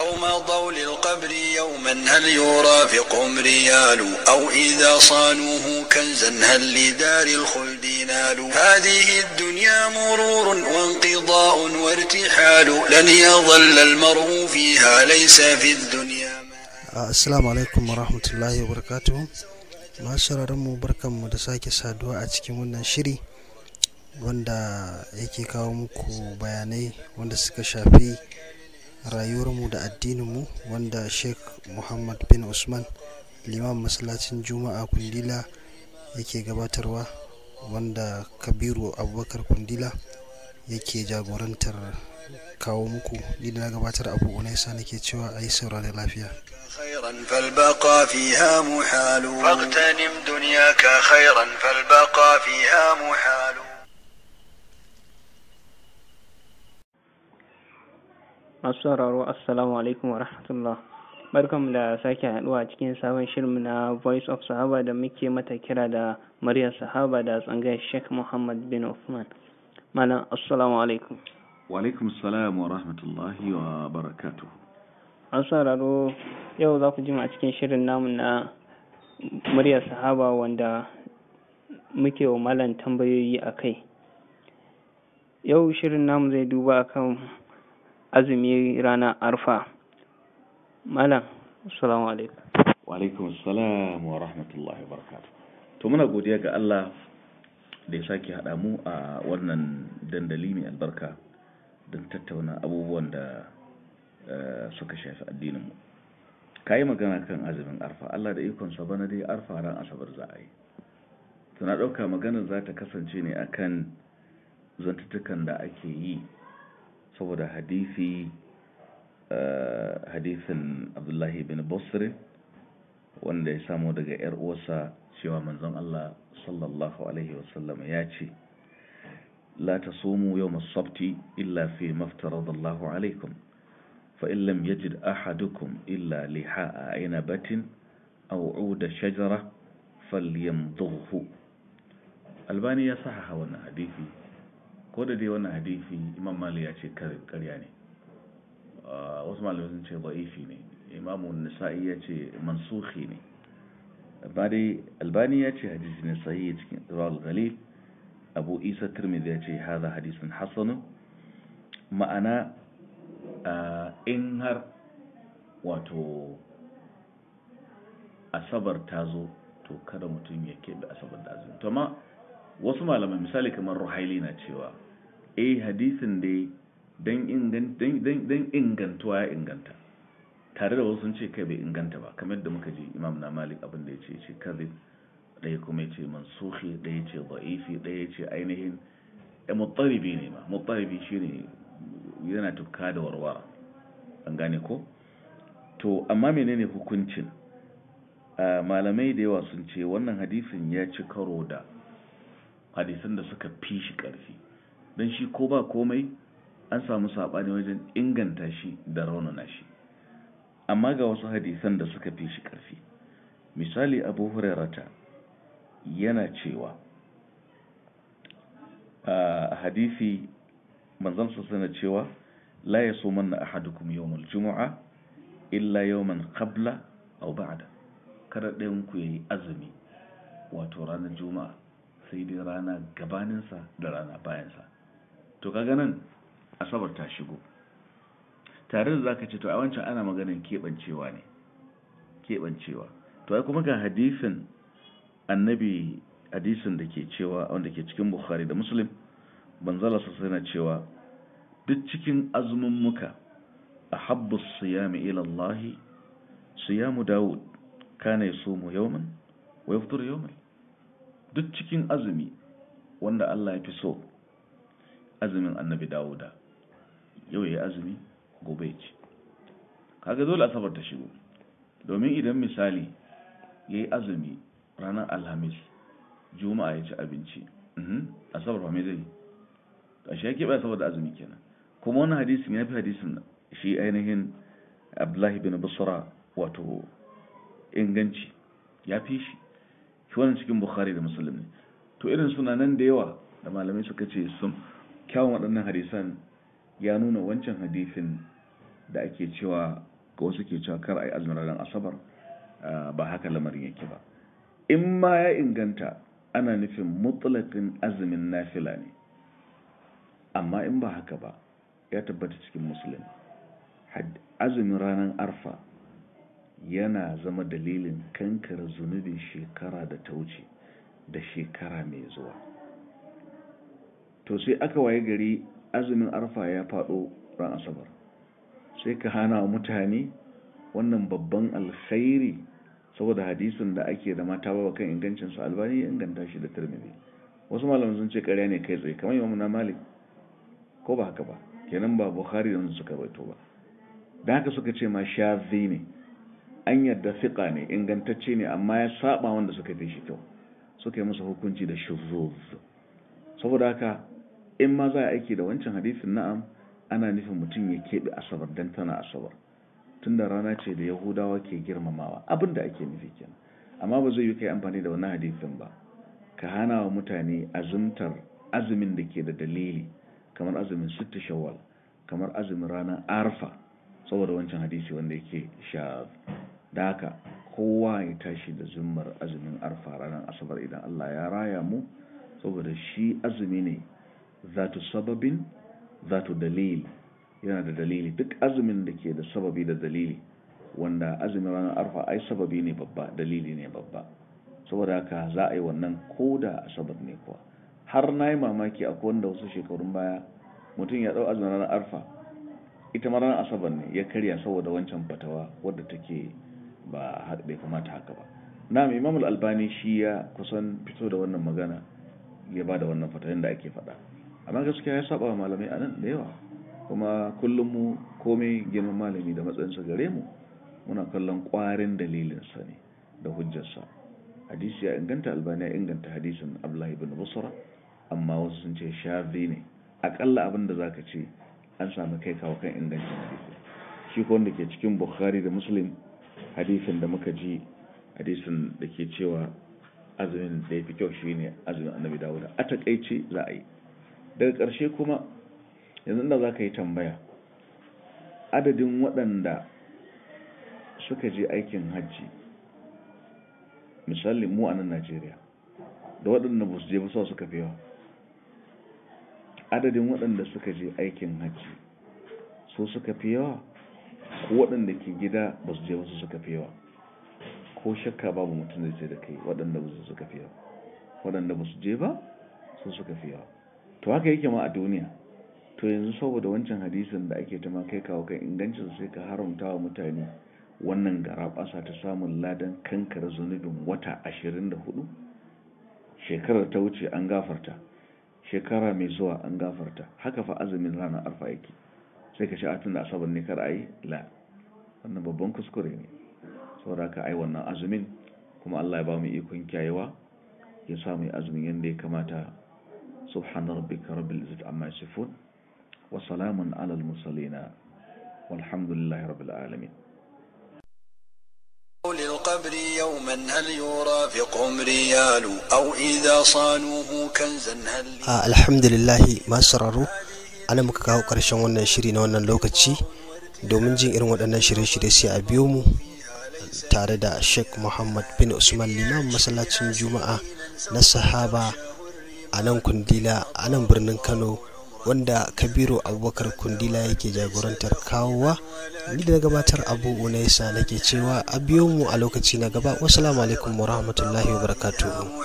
يوم ضول القبر يوما هل يرافقهم ريال أو إذا صانوه كنزا هل لدار الخلد نال هذه الدنيا مرور وانقضاء وارتحال لن يظل المرء فيها ليس في الدنيا آه، السلام عليكم ورحمة الله وبركاته ما شرر مباركة مدساك سادوا أتكي شري wanda yake kawo muku bayanai wanda rayuwar mu da addininmu wanda sheikh muhammad bin usman liman masallacin juma'a kundila yake gabatarwa wanda kabiru abubakar kundila yake jagorantar kawo muku ni na gabatar abu unaisa nake cewa a yi da lafiya خيرا فالبقاء فيها محال masu sauraro assalamu alaikum wa rahmatullah barkan da sake haduwa cikin sabon shirin na voice of sahaba da muke mata kira da muryar sahaba da tsangayar sheikh muhammad bin Uthman. malam assalamu alaikum wa alaikum salam wa rahmatullahi wa barakatu an sauraro yau za ku jima a cikin shirin namu na muryar sahaba wanda muke wa malam tambayoyi a kai yau shirin namu zai duba akan azumi ranar arfa malam assalamu alaikum wa alaikum assalam wa rahmatullahi wa barakatuh to muna godiya ga Allah da ya sake haɗa mu a wannan dandali mai albarka don tattauna abubuwan da eh, suka shafi addininmu ka yi magana kan azumin arfa Allah da ikon sa bana dai arfa ran asabar za a yi tana ɗauka maganar za ta kasance ne akan zantattukan da ake yi saboda hadisi eh, hadisin abdullahi bin bosri wanda ya samu daga 'yar uwarsa cewa manzon Allah sallallahu alaihi wasallam ya ce la tasumu yawm as illa fi maftaradallahu alaikum fa in lam yajid ahadukum illa a inabatin aw da shajara duhu albani ya sahaha wannan hadisi ko da dai wannan hadisi imam malik ya ce karya ne wasu malamai sun ce ba'ifi ne imamu nisa'i ya ce mansuhi ne albani ya ce hadisi ne sahihi cikin tsirar galil abu isa turmidi ya ce haza hadisun hassanu ma'ana in har wato asabar ta zo to kada mutum ya keɓe asabar da azumi to ma wasu malaman misali kamar ruhaili na cewa eh hadisin dai don ingantuwa ya inganta tare da wasu ce kai bai inganta ba kamar da muka ji imam na malik abin da ya ce ce kazi ɗaya kuma ya ce mansuhi ɗaya ce ba'ifi ɗaya ce ainihin ya eh, mutsaribi ne ma mutsaribi shi ne yana tufka da warwara an gane ko to amma menene hukuncin ah, malamai da yawa sun ce wannan hadisin ya ci karo da hadisan da suka fi shi ƙarfi don shi ko ba komai an samu saɓani wajen inganta shi da raunana shi amma ga wasu hadisan da suka fi shi ƙarfi misali abu hurairata yana cewa a hadisi manzan su sana cewa la ya so manna hadukum yawon Juma'a illa yawon qabla au ba'da kada ɗayan ku yayi azumi wato ranar juma'a sai dai rana gabaninsa da rana bayansa to kaga nan asabar ta shigo tare da zaka ce to a wancan ana maganin keɓancewa ne keɓancewa to ai kuma ga hadisin annabi hadisin da ke cewa wanda ke cikin bukhari da muslim banzala sosai na cewa duk cikin azumin muka a habbus siyami ilallahi siyamu dawud kana ya somo yauman wa yaftur yauman duk cikin azumi wanda Allah ya fi so azumin annabi dawuda yau ya yi azumi gobe ya ci kaga dole asabar ta shigo domin idan misali ya yi azumi ranar alhamis juma'a ya ci abinci uhm, asabar ba mai zai ƙashi ya keɓe asabar da azumi kenan kuma wani hadisin ya fi hadisin shi ainihin abdullahi bin basura wato inganci ya fi shi shi wannan cikin bukhari da musulmi. ne to irin suna nan da yawa da malamai suka ce sun kyawun waɗannan hadisan ya nuna wancan hadifin da ake cewa ga wasu ke cewa kar a yi azumin ranar asabar ba haka lamarin yake ba in ma ya inganta ana nufin mutlakin azumin nafila ne amma in ba haka ba ya tabbata cikin musulun azumin ranar arfa yana zama dalilin kankar zunubin shekara da ta wuce da shekara mai zuwa to sai aka waye gari azumin arfa ya faɗo ran asabar sai ka hana wa mutane wannan babban alkhairi saboda hadisin da ake da mata ba kan ingancin su albani ya inganta shi da tirmidhi wasu malamin sun ce ƙarya ne kai tsaye kamar imamu na malik ko ba haka ba kenan ba bukhari yanzu suka to ba da haka suka ce ma sha ne an yarda fiƙa ne ingantacce ne amma ya saba wanda suka fi shi kyau suka yi masa hukunci da shuzuz saboda haka in ma za a aiki da wancan hadisin na'am ana nufin mutum ya keɓe asabar don tana asabar tunda rana ce da yahudawa ke girmamawa abin da ake nufi kenan amma ba zai yi kai amfani da wannan hadisin ba ka hana wa mutane azumtar azumin da ke da dalili kamar azumin sitta shawwal kamar azumin ranar arfa saboda wancan hadisi wanda yake sha da haka kowa ya tashi da zummar azumin arfa ranar asabar idan Allah ya raya mu saboda shi azumi ne zatu sababin zatu dalil yana da dalili duk azumin da ke da sababi da dalili wanda azumin ranar arfa ai sababi ne babba dalili ne babba saboda haka za a yi wannan ko da asabar ne kuwa har na yi mamaki a wanda wasu shekarun baya mutum ya ɗau azumin ranar arfa ita ma ranar asabar ne ya karya saboda wancan fatawa wadda take ba bai kamata haka ba Na imam al-albani shi ya kusan fito da wannan magana ya ba da wannan fatayin da ake faɗa amma gaskiya ya saba malamai a nan da yawa kuma kullum mu komai girman malami da matsayinsa gare mu muna kallon ƙwarin dalilinsa ne da hujjarsa hadisi ya inganta albani ya inganta hadisin abdullahi bin busra amma wasu sun ce shafi ne akalla abin da zaka ce an samu kai kawo kan ingancin hadisi shi ko wanda ke cikin bukhari da muslim hadisin da muka ji hadisin da ke cewa azumin da ya fi kyau shi ne azumin annabi dawuda a takaice za a yi daga ƙarshe kuma yanzu da za ka yi tambaya adadin waɗanda suka je aikin hajji misali mu a nan najeriya da waɗanda ba su je ba suka fi yawa adadin waɗanda suka je aikin hajji su suka fi yawa ko waɗanda ke gida ba su je wasu suka fi yawa ko shakka babu mutum zai sai da kai waɗanda ba suka fi yawa waɗanda ba su je ba su suka fi yawa to haka yake ma a duniya to yanzu saboda wancan hadisin da ake ta ma kai kawo kan ingancin sai ka haramta wa mutane wannan garaɓasa ta samun ladan kankar zunubin wata ashirin da hudu shekarar ta wuce an gafarta shekara mai zuwa an gafarta haka fa azumin ranar arfa yake sai ka sha tun da asabar ne kar ayi la wannan babban kuskure ne saboda ka ai wannan azumin kuma Allah ya ba mu ikon kyayewa ya sa mu azumin yanda ya kamata subhana rabbika rabbil izzati amma yasifun wa salamun alal mursalin walhamdulillahi rabbil alamin للقبر يوما هل يرافقهم ريال أو إذا صانوه كنزا هل الحمد لله ما سرروا ana muka kawo ƙarshen wannan shiri na wannan lokaci domin jin irin waɗannan shirye-shirye sai a biyo mu tare da sheikh muhammad bin usman limam masallacin juma'a na sahaba a nan kundila a nan birnin kano wanda kabiru abubakar kundila yake jagorantar kawowa ni da gabatar abu unaisa nake cewa a biyo mu a lokaci na gaba wasalamu alaikum wa rahmatullahi wa barakatuhu